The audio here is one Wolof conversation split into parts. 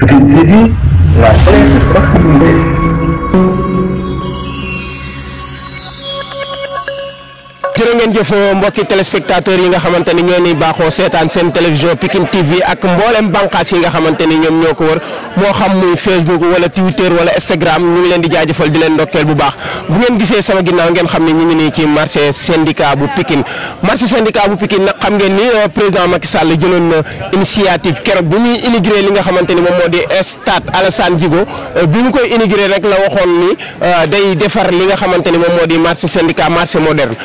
Precedí la prensa de jërë ngeen jëf euh, mbokki téléspectateurs yi nga xamante ni ñoo ni baaxoo seetaan seen télévision Pikine TV ak mboolem bànqaas yi nga xamante ni ñoom ñoo ko war moo xam muy Facebook wala Twitter wala Instagram ñu ngi leen di jaajëfal di leen ndokkeel bu baax bu ngeen gisee sama ginnaaw ngeen xam ne ñu ngi nii ci marché syndicat bu Pikine marché syndicat bu Pikine nag xam ngeen ni euh, président Macky Sall jëloon na initiative keroog bi muy inauguré li nga xamante ni moom moo di stade Alassane Djigo euh, bi mu koy inauguré rek la waxoon ni day defar li nga xamante ni moom moo di marché syndicat marché moderne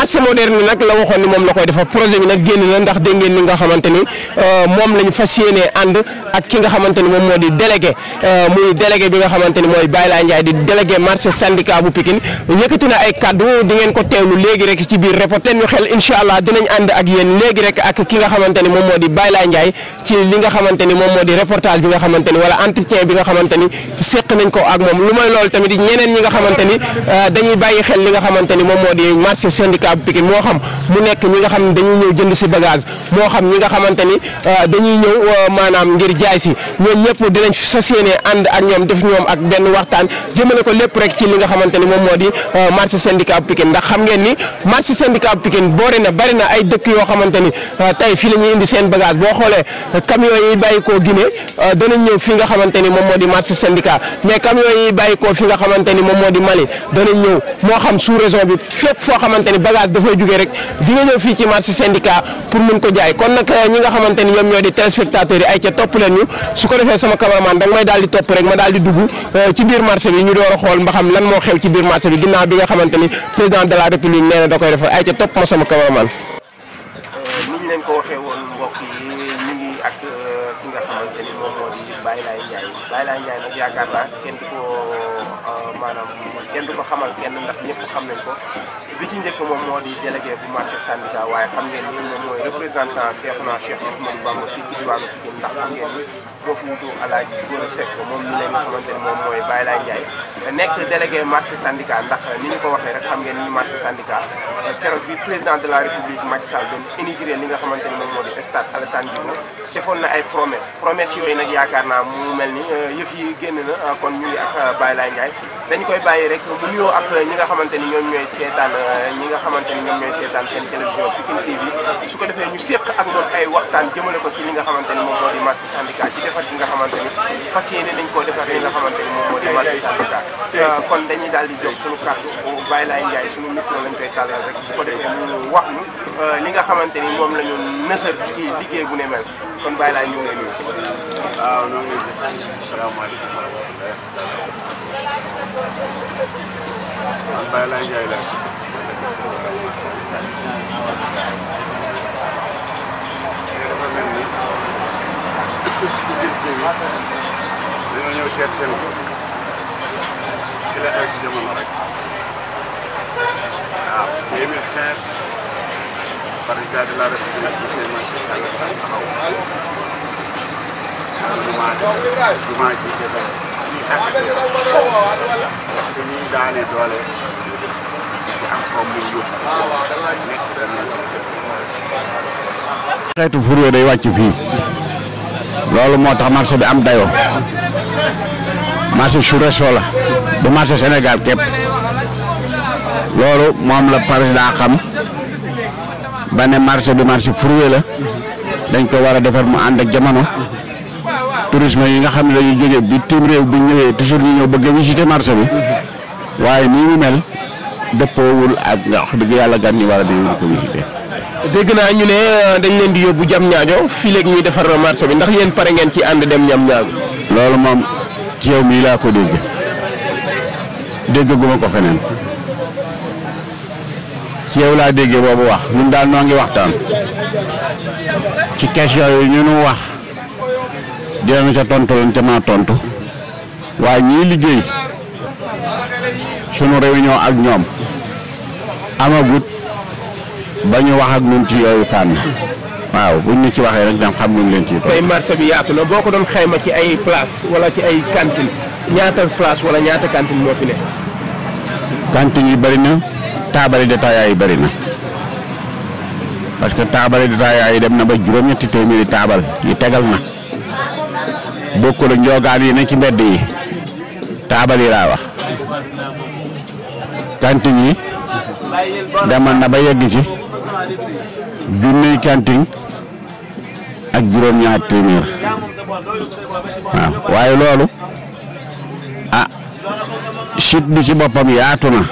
marché moderne nag la waxoon ni moom la koy defar projet bi nag génn na ndax dégg ngeen nga xamante ni euh, moom lañ fas yéenee ànd ak ki nga xamante ni moom moo di délégué euh, muy délégué bi nga xamante ni mooy Baye Laye Ndiaye di délégué marché syndicat bu Pikine yëkkati na ay kaddu ngeen ko teewlu léegi rek ci biir reporté ñu incha allah dinañ ànd ak yéen léegi rek ak ki nga xamante ni moom moo di Baye Laye Ndiaye ci li nga xamante ni moom moo di reportage bi nga xamante ni wala entretien bi nga xamante ni séq nañ ko ak moom lu mooy loolu tamit ñeneen ñi nga xamante ni euh, dañuy bàyyi xel li nga xamante ni moom moo di marché syndicat bu Pikine moo xam mu nekk ñi nga xam ne dañuy ñëw jënd si bagage moo xam ñi nga xamante ni euh, dañuy ñëw maanaam ngir jaay si ñoom ñëpp dinañ fas yéene ànd ak ñoom def ñoom ak benn waxtaan jëmale ko lépp rek ci li nga xamante ni moom moo di euh, marché syndicat bu Pikine ndax xam ngeen ni marché syndicat bu Pikine boore na bari na ay dëkk yoo xamante ni euh, tey fii indi seen bagage boo xoolee euh, camion yi bàyyi koo Guinée danañ ñëw fi nga xamante moom moo di Mali danañ ñëw moo xam sous région bi fépp foo xamante ni dafay jógee rek di fii ci marché syndicat pour leen ñu su ko defee sama cameraman danga may daal di topp rek ma daal di dugg euh, ci biir marché bi ñu door a xool mba xam lan moo xew ci biir marché bi ginnaaw bi nga xamante ni président de la da koy defar ay ca topp ma sama cameraman. Euh, ni ñu leen ko waxee woon mbokk yi ñu ngi ak euh, ki nga xamante yaakaar naa kenn du ko. Euh, maanaam kenn du ko xamal kenn ndax ñëpp xam nañ ko bi ci njëkk moom moo di délégué bu marché syndicat waaye xam ngeen ni moom mooy représentant Cheikhouna Cheikh Ousmane Bamba fii ci diwaanu Pikine ndax xam ngeen moom nga xamante ni moom mooy Baye Laye Ndiaye nekk délégué marché syndicat ndax ni ñu ko waxee rek xam ngeen ni marché syndicat euh, keroog bi président de la république Macky Sall doon inauguré li nga xamante ni moom moo di stade Alassane Djigo defoon na ay promesse promesse yooyu nag yaakaar naa mu mel ni euh, yëf yi génn na kon ñu ngi ak Baye dañ koy bàyyi rek bu nuyoo ak ñi nga xamante ni ñoom ñooy seetaan euh, ñi nga xamante ni ñoom ñooy seetaan seen télévision Pikine TV su ko defee ñu séq ak moom ay waxtaan jëmale ko ci li nga xamante ni moom moo di marché syndicat ci defar gi nga xamante ni fas yéene dañ koo defar li nga xamante ni moom moo di marché syndicat euh, kon dañuy daal di jóg suñu kàddu bàyyi laay lañ koy tàllal rek ko defee ñu wax ñu euh, nga xamante ni moom la ñu nësër ci liggéey bu ne mel kon bàyyi laay ñu ngi lay nuyu waaw ñoo salaamaaleykum Albayla yayla. dafa mel ni ci biir kii bi dañoo ñëw seet seen ko ci la xew ci jamono rek waaw 2005 président de la république xeetu fure day wàcc fii loolu moo tax marché bi am dayoo marché sous-région la du marché Sénégal képp loolu moom la président xam ba ne bi marché fure la dañ ko war a defar mu ànd ak jamono. tourisme yi nga xam ne dañuy bi bitim réew bu ñëwee toujours ñu ñëw bëgg a visiter marché bi waaye nii ñu mel dëppoowul ak nga wax dëgg yàlla gan ñu war a di ko visiter. dégg naa ñu ne euh, dañ leen di yóbbu jam ñaajo fii léegi ñuy defar marché bi ndax yéen pare ngeen ci ànd dem ñam ñaago. loolu moom ci yow mii laa ko dégg déggaguma ko feneen ci yow laa déggee boobu wax ñun daal noo ngi waxtaan ci question yooyu ñu nu wax. dina ma ca tontu leen ca maa tontu waaye ñii liggéey sunu réunion ak ñoom amagut ba ñu wax ak ñun ci yooyu fànn waaw buñ ñu ci waxee rek ñoom xam nañ leen ci. tey marché bi yaatu na boo ko doon xayma ci ay place wala ci ay cantine ñaata place wala ñaata kantin moo fi ne. kantin yi bari na taabari détaillants yi bëri na parce que taabari détaillants yi dem na ba juróom-ñetti téeméeri taabal yi tegal na. bokkul ak njoogaan yi ne ci mbedd yi taabal yi laa wax yi demal na ba yegg ci junniy kanting ak juróom-ñaar téeméer waaw waaye loolu ah site bi ci boppam yaatu na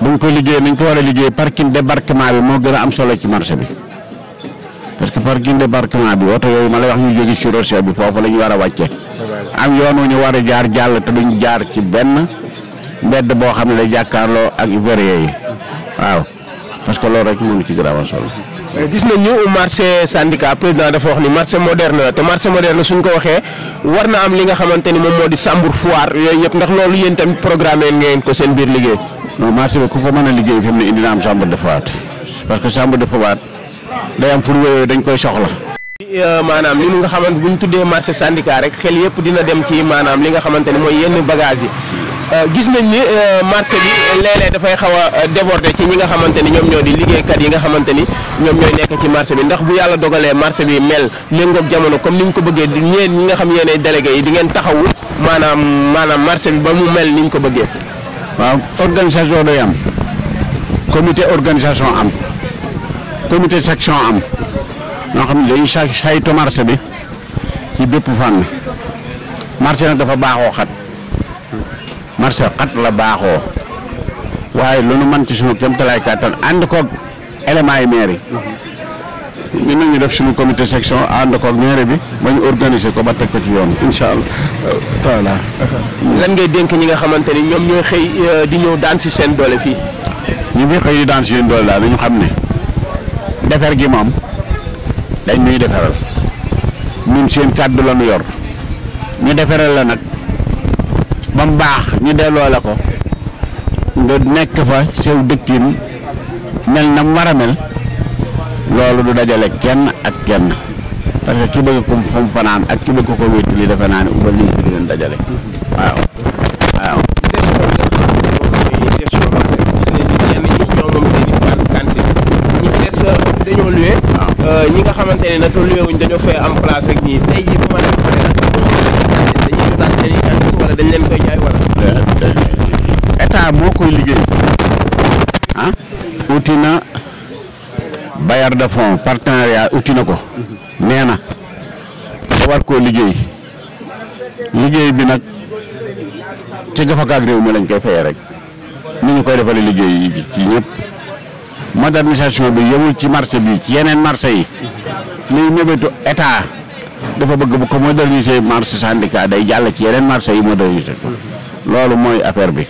buñ ko liggéey nañ ko war a liggéey parking débarquement bi moo gën a am solo ci marché bi parce que par guine débarquement bi auto yoy ma lay wax ñu jogi ci rosia bi fofu lañu wara wacce am yoonu ñu wara jaar jall te duñ jaar ci ben mbedd bo xamne lay jakarlo ak ivoirien yi waaw parce que lool rek ngi ci grawa solo euh, gis nañ ñu marché syndicat président dafa wax ni marché moderne la te marché moderne suñ ko waxee warna am li nga xamanteni mom modi sambour foire yoy ñep ndax loolu yeen tam programme ngeen ko seen biir liggéey non marché ko ko mëna a liggéey fi mu indi na am sambour de foire parce que sambour de foire day am fourneau yooyu dañ koy soxla. Euh, maanaam li nga xamante bu ñu tuddee marché syndicat rek xel yëpp dina dem ci maanaam li nga xamante ne mooy yenn bagages yi. Euh, gis nañ ni euh, marché bi léeg-léeg dafay xaw a déborder ci ñi nga xamante ni ñoom ñoo di liggéeykat yi nga xamante ni ñoom ñooy nekk ci marché bi ndax bu yàlla dogalee marché bi mel méngoog jamono comme ni ñu ko bëggee di ñeen ñi nga xam yéenay délégué yi di ngeen taxawu maanaam maanaam marché bi ba mu mel ni ñu ko bëggee. waaw organisation day am comité organisation am. comité section am ñoo xam ne dañuy saytu marché bi ci bépp fànn marché nag dafa baaxoo xat marché xat la baaxoo waaye lu nu man ci sunu kéemtalaay kàttan ànd koog élément yi maire yi def suñu comité section ànd koog bi ba ñu organiser ko ba teg ko ci yoon incha allah lan ngay dénk ñi nga xamante ni ñoom ñooy xëy euh, di ñëw daan si seen doole fii ñu ngi xëy di daan si seen doole daal dañu xam ne defar gi moom dañ nuy defaral ñun seen kàddu la ñu yor ñu defaral la nag ba mu baax ñu delloo la ko nga nekk fa sew dëkkin mel na mu war a mel loolu du dajale kenn ak kenn parce que ki bëgg ko fu mu fanaan ak ki bëgg ko wétali defe naa ne ubal lii du waaw. ñi nga xamante ne nag luwe dañoo fay am place ak ñii tey jii bu moo koy liggéey ah, uti na bailleur de fonds partenariat uti na ko nee na da war koo liggéey liggéey bi nag ci gafakaag réew mi lañ koy fayee rek mu ñu koy defalee liggéey yi ci ñëpp. modernisation bi yewul ci marché bi ci yenen marché yi ni mébétu état dafa bëgg bu ko moderniser marché syndicat day jall ci yenen marché yi moderniser lolu moy affaire bi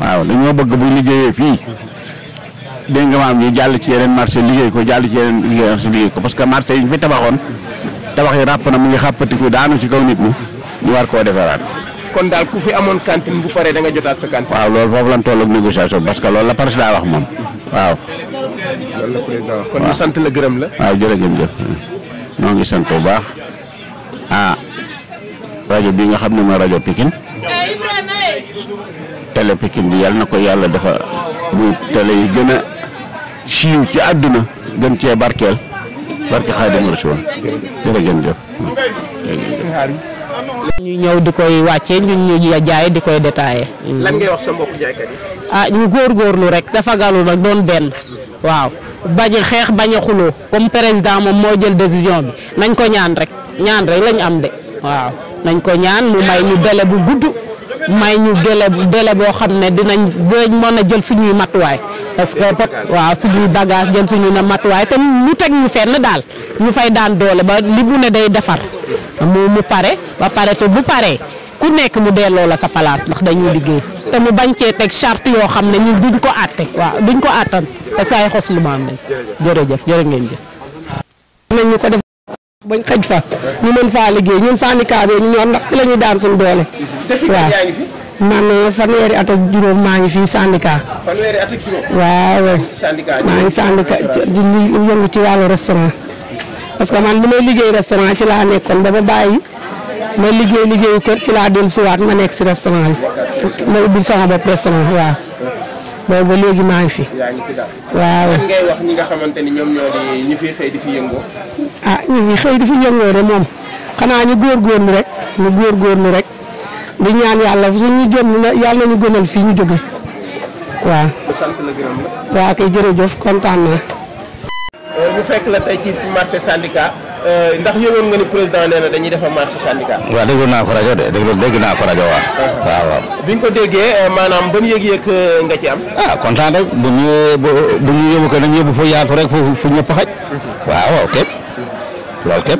waaw dañu bëgg bu liggéeyé fi dégg nga maam ñu jall ci yenen marché liggéey ko jall ci yeneen marché liggéey ko parce que marché yi fi tabaxoon tabax yi rap na mu ngi ko daanu ci kaw nit ñi ñu war ko défarat kon dal ku fi amone cantine bu paré da nga jotat sa cantine waaw lolu fofu lan tollu négociation parce que lolu la parce da wax mom waaw. loolu a président kon ñu sant la gërëm la. waaw jërëjëf ngi sant bu baax ah rajo bi nga xam ne mooy rajo Pikine télé Pikine bi yàlla na ko yàlla dafa muy télé yi gën a siiw ci àdduna gën cee barkeel barke Xaadimu Rasuul jërëjëf ñu ñëw di koy wàccee ñun ñu jaay di koy détaillé. lan ngay wax sa ah ñu góorgóorlu rek dafa galu nag doon benn waaw bañ xeex bañ a xuloo comme président moom moo jël décision bi nañ ko ñaan rek ñaan rek lañ am de waaw nañ ko ñaan mu may ñu délai bu gudd may ñu délai délai boo xam ne dinañ dinañ mën a jël suñuy matuwaay parce pot waaw suñuy bagage jël suñu na matuwaay te mu teg ñu fenn daal ñu fay daan doole ba li mu ne day defar mu mu pare ba pare te bu paree ku nekk mu delloo la sa place ndax dañuy liggéey te mu bañ cee teg charte yoo xam ne ñun duñ ko àtte waaw duñ ko àttan te saay xos lu maam lañ jërëjëf jërë ngeen jëf nañ ñu ko def bañ xëj fa ñu mën faa liggéey ñun syndicat bi ñu ñor ndax ci la daan suñu doole waaw man euh, fanweeri at juróom maa ngi fii syndicat waaw maa ngi syndicat di yëngu ci wàllu restaurant parce que man li may liggéey restaurant ci laa nekkoon ba bàyyi ma liggéey liggéeyu kër ci laa dellu siwaat ma nekk si restaurant yi ma ubbi sama bopp restaurant waaw boobu ba léegi maa ngi fi. waaw lan ñi nga xamante ni fi xëy di fi yëngoo. ah ñi fi xëy di fi yëngoo de moom xanaa ñu góorgóorlu rek ñu góorgóorlu rek di ñaan yàlla fu ñu jëm yàlla ñu gënal fii ñu jóge waaw. sant la gërëm la. waaw kay jërëjëf kontaan euh, fekk la tey ci marché syndicat. Euh, ndax yëgoon nga ni président nee dañuy defar marché syndical. waaw déglu naa ko rajo de déglu dégg naa ko rajo waaw. Ah. bi nga ko déggee euh, maanaam ban yëg-yëg euh, nga ci am. ah kontaan rek bu ñu bu ñu yóbbu ko nañ yóbbu rek fu fu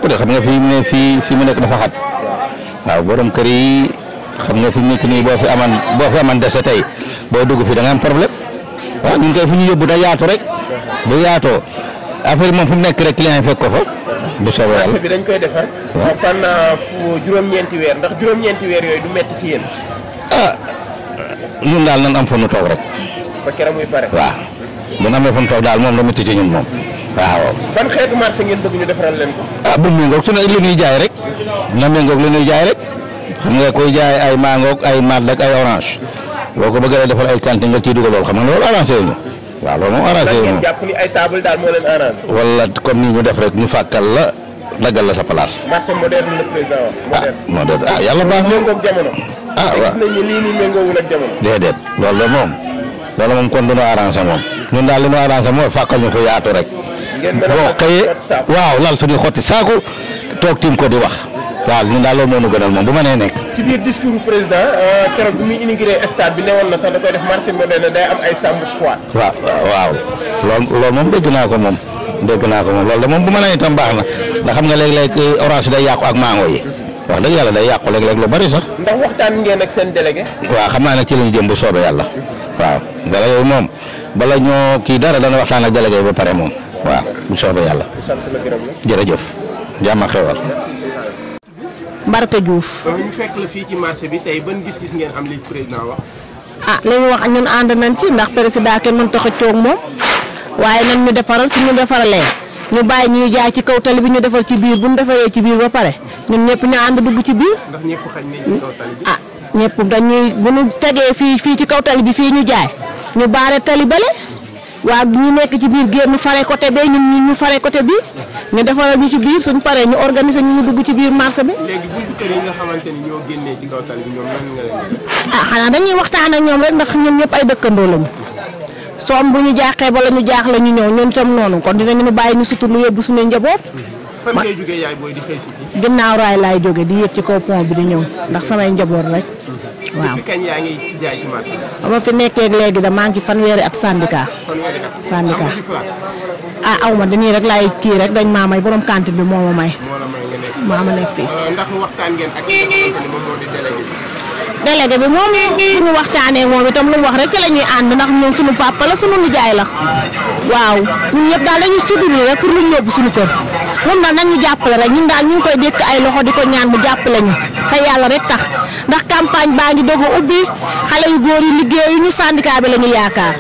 de xam nga fii fii mu nekk dafa kër yi xam nga fi mu nekk nii boo fi aman tey boo dugg fi am problème. waaw ñun kay fu ñu yóbbu da yaatu rek. bu yaatoo affaire moom fu mu nekk rek client yi fekk ko fa. bu soobee yàlla bi dañ koy defar. waaw pendant fu juróom-ñeenti weer ndax juróom-ñeenti weer yooyu du métti ci yéen. ah ñun daal nan am fa nu toog rek. ba keroog muy pare. waaw bu ñu amee fa nu toog daal moom la métti ci ñun moom. waaw. ban xeetu marché ngeen bëgg ñu defaral leen ko. ah bu méngoog su ne li ñuy jaay rek. na méngoog li ñuy jaay rek. xam nga koy jaay ay mangoog ay màdd ay orange. boo ko defal ay cantine nga ciy dugal xam nga loolu arrangé ñu. waaw loolu moom arrangé wu jàpp ni ay table daal moo leen arrangé. wala comme ni ñu def rek ñu fàkkal la daggal la sa place. marché moderne le président wax. Ah, moderne ah yàlla baax na. méngoog jamono. ah waaw gis nañu lii nii méngoowul ak jamono. déedéet loolu de moom. loolu moom kon du ñu arrangé moom. ñun daal li ñu arrangé mooy fàkkal ñu ko yaatu rek. ngeen mel waaw lal suñu xotti saako toog tiim ko di wax. waa ñun daal loolu moo ñu gënal moom bu ma nee nekk. ci biir discours président euh, keroog bi muy inauguré stade bi newoon na sax da koy def marché moderne day am ay sàmm foire. waaw waaw loolu moom dégg naa ko moom dégg naa ko moom loolu de moom bu ma nee tam baax na ndax xam nga léeg-léeg euh, orange day yàqu ak mango yi wax dëgg yàlla day yàqu léeg-léeg lu bari sax. ndax waxtaan ngeen ak seen délégué. waa xam naa nag ci lañu jëm bu soobee yàlla. waaw dala bi moom bala ñoo kii dara dana waxtaan ak ba pare moom waaw bu soobee yàlla. jërëjëf jàmm Mbarka Diouf. ñu fekk la fii ci marché bi tey ban gis-gis ngeen am li président wax. ah li mu wax ñun ànd nañ ci ndax président kenn mënut a xëccoo ak moom waaye nañ ñu defaral suñu defaralee ñu bàyyi ñuy jaay ci kaw tali bi ñu defar ci biir bu ñu defaree ci biir ba pare ñun ñëpp ñu ànd dugg ci biir. ndax ñëpp xañ nañ ci kaw tali bi. ah ñëpp dañuy bu ñu tegee fii fii ci kaw tali bi fii ñu jaay ñu baare tali bale waaw ñu nekk ci biir génn fare côté bee ñun ñu fare côté bii. ñu defaral bi ci biir suñu paré ñu organiser ñu dugg ci biir marché bi. légui buntu kër yi nga xamanteni ñoo génnee ci kaw tali bi ñoom nan nga leen ah xana dañuy waxtaan ak ñoom rek ndax ñun ñëpp ay dëkkandoo lañu soom bu ñu jaaxee wala jaax la ñu ñëw ñun tam nonu kon dinañu ñu bàyyi ñu sutur lu yóbbu suñu njaboot. ngay yaay di raay di ci kaw pont bi di ñëw ndax samay njaboot rek mm-hmm. waaw kañ yaa ngi jaay ci marché da maa ngi fanweeri at syndicat syndicat ah aw ah, ma dañuy rek laay kii rek dañ maa may borom cantine bi moo ma may. maa ma nekk fii. ndax waxtaan ngeen ak ki nga xamante ni moom moo di délégué bi. délégué bi moom ñu waxtaanee moom itam lu mu wax rek ci la ñuy ànd ndax ñun suñu papa la suñu nijaay la waaw ñun ñëpp daal dañuy sudulu rek pour lu ñu yóbbu suñu kër moom daal nañ ñu rek ñun daal ñu koy dékk ay loxo di ñaan mu jàppale ñu te yàlla rek tax ndax campagne baa ngi ubbi xale yu góor yi liggéeyu ñu syndicat bi la yaakaar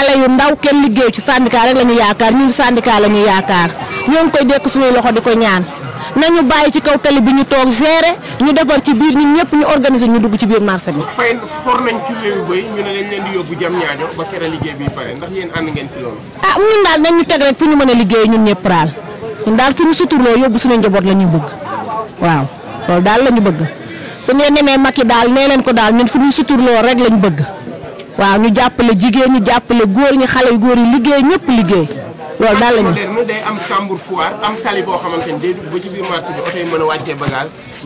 xale yu ndaw kenn liggéeyu ci syndicat rek la ñu yaakaar ñun syndicat la ñu yaakaar ñoo ngi koy dékk suñuy loxo di ko ñaan nañu bàyyi ci kaw tali bi ñu toog gérer ñu defar ci biir ñun ñëpp ñu organiser ñu dugg ci biir marché bi. fay for nañ ci bay ñu leen di jam ñaajo ba liggéey bi ndax ngeen ci ah ñun daal nañ ñu rek fu ñu liggéey ñun ñëpp daal ñun daal fu ñu suturloo suñu njaboot la bëgg waaw loolu daal la bëgg su leen ko ñun rek bëgg waaw ñu jàppale jigéen ñi jàppale góor ñi xale yu góor yi liggéey ñëpp liggéey lool daal la ñu day am chambre froide boo xamante ni day dugg ba ci biir marché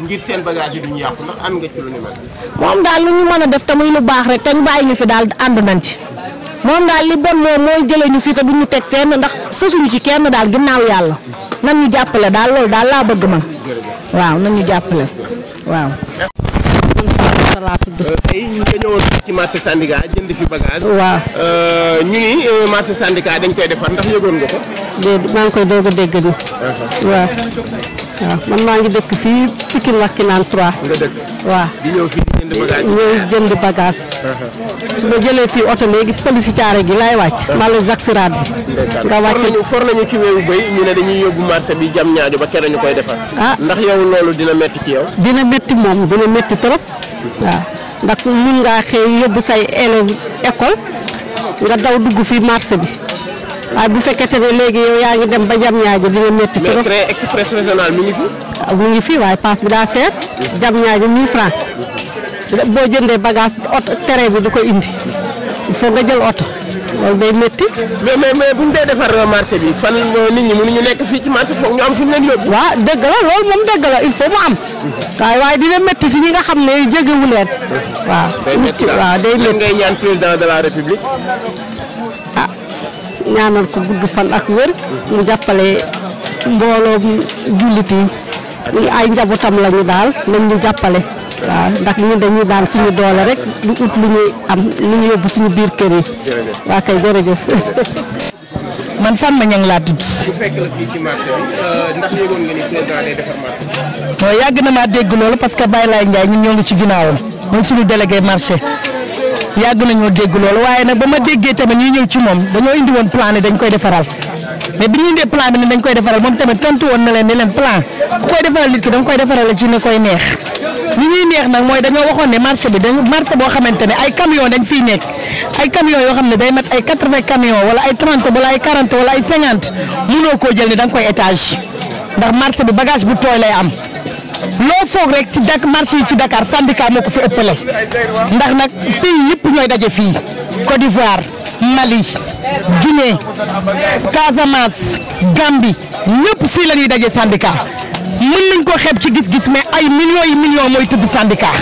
bi seen bagage yi duñu yàqu ndax nga ci lu moom daal lu ñu mën a def te muy lu baax rek te ñu bàyyi ñu fi daal ànd nañ ci moom daal li bon moom mooy jëlee ñu fii te duñu teg fenn ndax sësuñu ci kenn daal ginnaaw yàlla nan ñu jàppale daal loolu daal laa bëgg man waaw nan ñu jàppale waaw Aminata laa tudd. Euh, tey nga ñëwoon ci marché Sandaga jënd fi bagage. waaw euh, ñu ni euh, marché dañ koy defar ndax yëgoon nga ko. déedéet maa ngi koy doog a dégg nii. waaw man maa ngi dëkk fii Pikine lakki naan 3. di ñëw fii di jënd bagage. ñëw su ma jëlee fii oto léegi police caare gi laay wàcc. maa la Jacques Siraat bi. nga wàcc for nañu ci wewu béy ñu ne dañuy yóbbu marché bi jam ñaajo ba kere ñu koy defar. ah ndax yow loolu dina métti ci yow. dina métti moom dina métti trop. waaw ndax mun ngaa xëy yóbbu say élèves école nga daw dugg fi marché bi waaye bu fekkete ne léegi yaa ngi dem ba jam ñaajo dina metti trop. mais mi ngi fi. waaw ah, mi fi waaye paas bi daa seet jam ñaajo 1000 francs boo jëndee bagage ot terrain bi du ko indi. il nga jël oto loolu day métti. mais mais mais bu ñu dee defar marché bi fan nit ñi mënuñu nekk fii ci marché foog ñu am fu mu leen yóbbu. waaw dëgg la loolu moom dëgg la il faut mu am. waaye waaye dina métti si ñu nga xam ne jegewu leen. waaw day métti waaw day métti ngay ñaan président de la république. ah ñaanal ko gudd fan ak wér. mu jàppale mbooloo jullit yi. ay njabootam lañu daal nañ ñu jàppale. waaw ndax ñun dañuy daan suñu doole rek di ut lu ñuy am lu ñu yóbbu suñu biir kër yi waa kay jërëjëf man Fatma Niang laa tudd. bu la fii ci marché bi euh, ndax yëgoon yàgg na maa dégg loolu parce que Baye Laye Ndiaye ñun ñoo ngi ci ginnaawam mooy suñu délégué marché yàgg nañoo dégg loolu waaye nag ba ma déggee tamit ñu ñëw ci moom dañoo indi woon plan ne dañ koy defaral mais bi ñu indee plan bi dañ koy defaral moom tamit tontu woon na leen ne leen plan ku koy defaral nit ki danga koy ci ne koy neex. li ñuy neex nag mooy dañoo waxoon ne marché bi dañu marché boo xamante ne ay camion dañ fiy nekk ay camion yoo xam ne day mat ay quatre-vingts camion wala ay trente wala ay quarante wala ay cinquante mënoo koo jël ne da nga koy étage ndax marché bi bagage bu tooy lay am loo foog rek ci dak marché yi ci Dakar syndicat moo ko fi ëppale ndax nag pays yëpp ñooy daje fii Côte d'Ivoire Mali Guinée Casamance Gambie ñëpp fii la ñuy daje syndicat mën nañ koo xeeb ci gis-gis mais ay millions yi millions mooy tëdd syndicat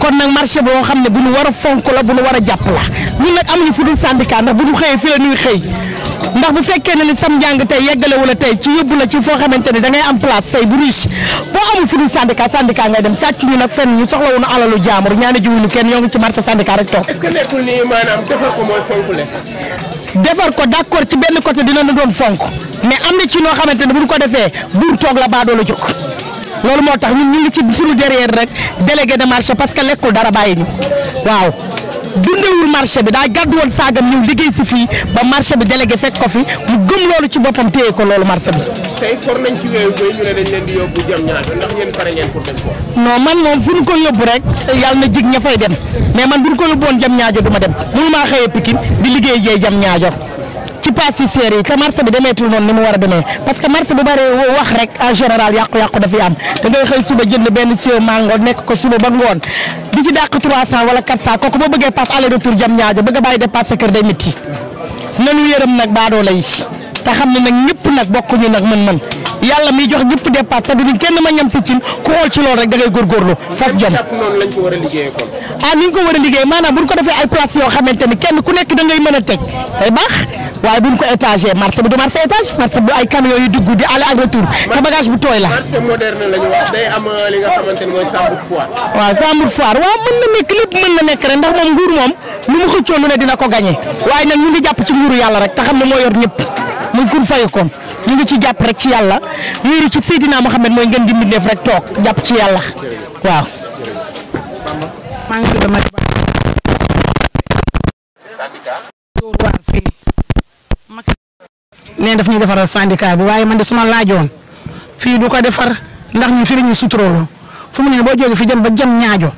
kon nag marché boo xam ne bu ñu war a fonk la bu ñu war a jàpp la ñun nag amuñu fu dul syndicat ndax bu ñu xëyee fi la ñuy xëy ndax bu fekkee ne ni sam njàng tey yeggale wala tey ci yóbbu la ci foo xamante ne da ngay am place say bu riche boo amul fi dul syndicat syndicat ngay dem sàcc ñu nag fenn ñu soxla wuñu alalu jaamur ñaane jiwuñu kenn ñoo ngi ci marché syndicat rek toog. est-ce que nekkul ni maanaam defar ko mooy fonk ci benn côté dina la doon fonk. mais am na ci noo xamante ne bu ñu ko defee buur toog la baadoo la jóg loolu moo tax ñun ñu ngi ci suñu derrière rek délégué de marché parce que lekkul dara bàyyi ñu waaw dundewul marché bi daa gàddu woon saagam ñëw liggéey si fii ba marché bi délégué fekk ko fi mu gëm loolu ci boppam téye ko loolu marché bi. tey for nañ ci wéeru bay ñu ne dañ leen ko. man moom fu ñu ko yóbbu rek yàlla na jig ña fay dem mais man bu ñu ko yóbbu woon jëm ñaajo du ma dem mënu maa xëyee Pikine di liggéey jee jëm ñaajo. pâtissiers yi te marché bi demeetul noonu ni mu war a demee parce que marché bu bëree wax rek en général yàqu-yàqu dafay am da xëy suba jënd benn siwo mango nekk ko suba ba ngoon di ci dàq 300 wala 400 kooku boo bëggee passe aller retour jam ñaajo bëgg a bàyyi dépasse kër day métti nanu yërëm nag baadoo lay te xam ne nag ñëpp nag bokkuñu nag mën-mën yàlla mi jox ñëpp dépasse c'est-à-dire kenn ma ñam si cin ku xool ci loolu rek da ngay góorgóorlu fas jom ah ni ñu ko war a liggéey maanaam buñ ko defee ay place yoo xamante ni kenn ku nekk da ngay mën a teg day eh, baax waaye buñ ko étagé marché bi du marché étage marché bu ay camions yu dugg te bagage bu tooy la. Euh, waaw mën na nekk lépp mën na nekk rek ndax moom nguur moom lu mu xëccoo lu dina ko gagné waaye nag ñu ngi jàpp ci nguuru yàlla rek te xam ne moo yor ñëpp muy kun fayu kon ñu ngi ci japp rek ci yalla wiru ci Seydina Mohamed moy ngeen dimbi def rek tok japp ci yalla waaw. Nenda fini tudd Madi Ba. waa fii Macky nee daf ñuy defaral syndicat bi man de suma du ko defar ndax ñun fi la sutrolo suturooloo fu mu ne boo jógee fi jëm ba jëm ñaajo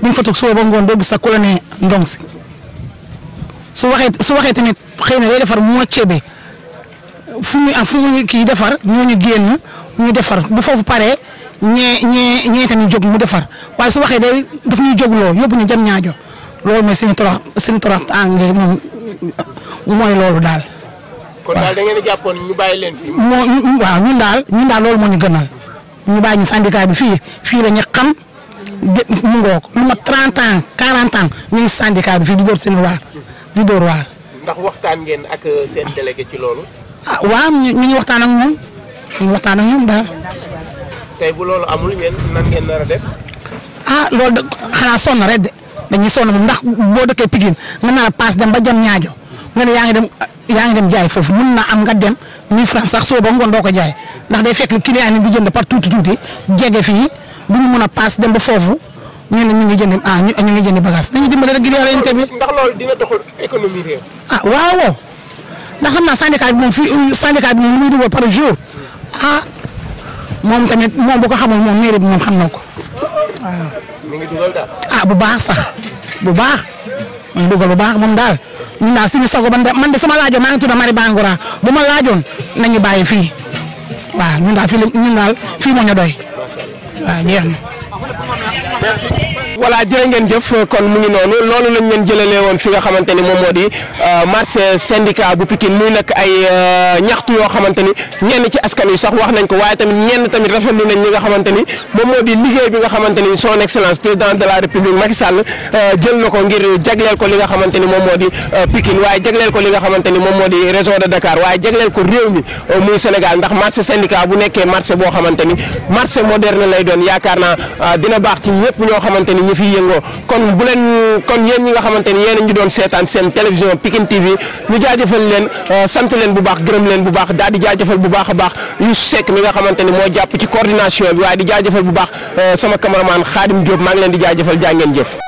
bi nga fa toog suba ba ngoon doo gis sa ku la ne ndong si su waxee su waxee tamit xëy na day defar moitié fu muy fu muy kii defar ñu génn ñu defar bu foofu paree ñee ñee ñee tamit jóg mu defar waaye su waxee day daf ñuy jógloo yóbbu ñu jëm ñaajo loolu mooy seen torox seen torox mooy loolu daal. kon daal da ngeen ñu leen moo waaw daal ñun daal loolu moo ñu gënal ñu bàyyi ñu syndicat bi fii fii la ñu xam mu ngoog lu ma 30 ans 40 ans ñu ngi syndicat bi fii di door seen waar di door waar. ndax waxtaan ngeen ak euh, seen délégué ci loolu. ah waaw ñu ngi waxtaan ak ñoom ñu ngi waxtaan ak daal. tey bu loolu amul ngeen nan ngeen nar a def. ah loolu de xanaa sonn rek de dañuy sonn moom ndax boo dëkkee Pikine mën naa la dem ba jam ñaajo nga ne yaa ngi dem yaa ngi dem jaay mun naa am nga dem 1000 francs sax soo ba ngoon doo ko jaay ndax day fekk client yi di jënd par tuuti tuuti jege fii du mun a paas dem ba foofu. ñu ne ñu ngi jënd ah ñu ngi jënd bagage nañu dimbale rek gi di yàlla bi. ndax loolu dina doxal économie réew. ah waaw. ndax xam naa syndicat bi moom fii euh, syndicat bi moom lu muy par jour ah moom tamit moom bu ko xamul moom mairie bi moom xam na ko waaw. Ah, mi ngi dugal daal. bu baax sax bu baax mi ngi baax moom daal ñun daal suñu sago man de man de sama laajoon maa ngi tudd Marie Bangoura bu ma laajoon nañu bàyyi fii waaw ñun daal fii la ñun daal fii moo ñu doy waaw voilà jërë ngeen jëf kon mu ngi noonu loolu lañ leen jëlalee woon fi nga xamante ni moom moo di euh, marché syndicat bu pikin muy nekk ay euh, ñaxtu yoo xamante ni ñenn ci askan wi sax wax nañ ko waaye tamit ñenn tamit nañ li nga xamante moom moo di liggéey bi nga xamante son excellence président de la république Macky Sall euh, jël na ko ngir jagleel ko li nga xamante moom moo di euh, Pikine de Dakar waaye jagleel ko réew mi euh, muy Sénégal ndax marché syndicat bu nekkee marché boo xamante marché moderne lay doon yaakaar naa dina baax ci ñëpp ñoo xamante ñi fi yëngoo kon bu leen kon yéen ñi nga xamante ni yéen doon seetaan seen baax daal di jaajëfal bu baax a baax Youssou Seck mi nga xamante ni moo jàpp ci coordination bi waaye di jaajëfal bu baax euh, sama cameraman Khadim Diop maa ngi leen di jaajëfal jaa ngeen jëf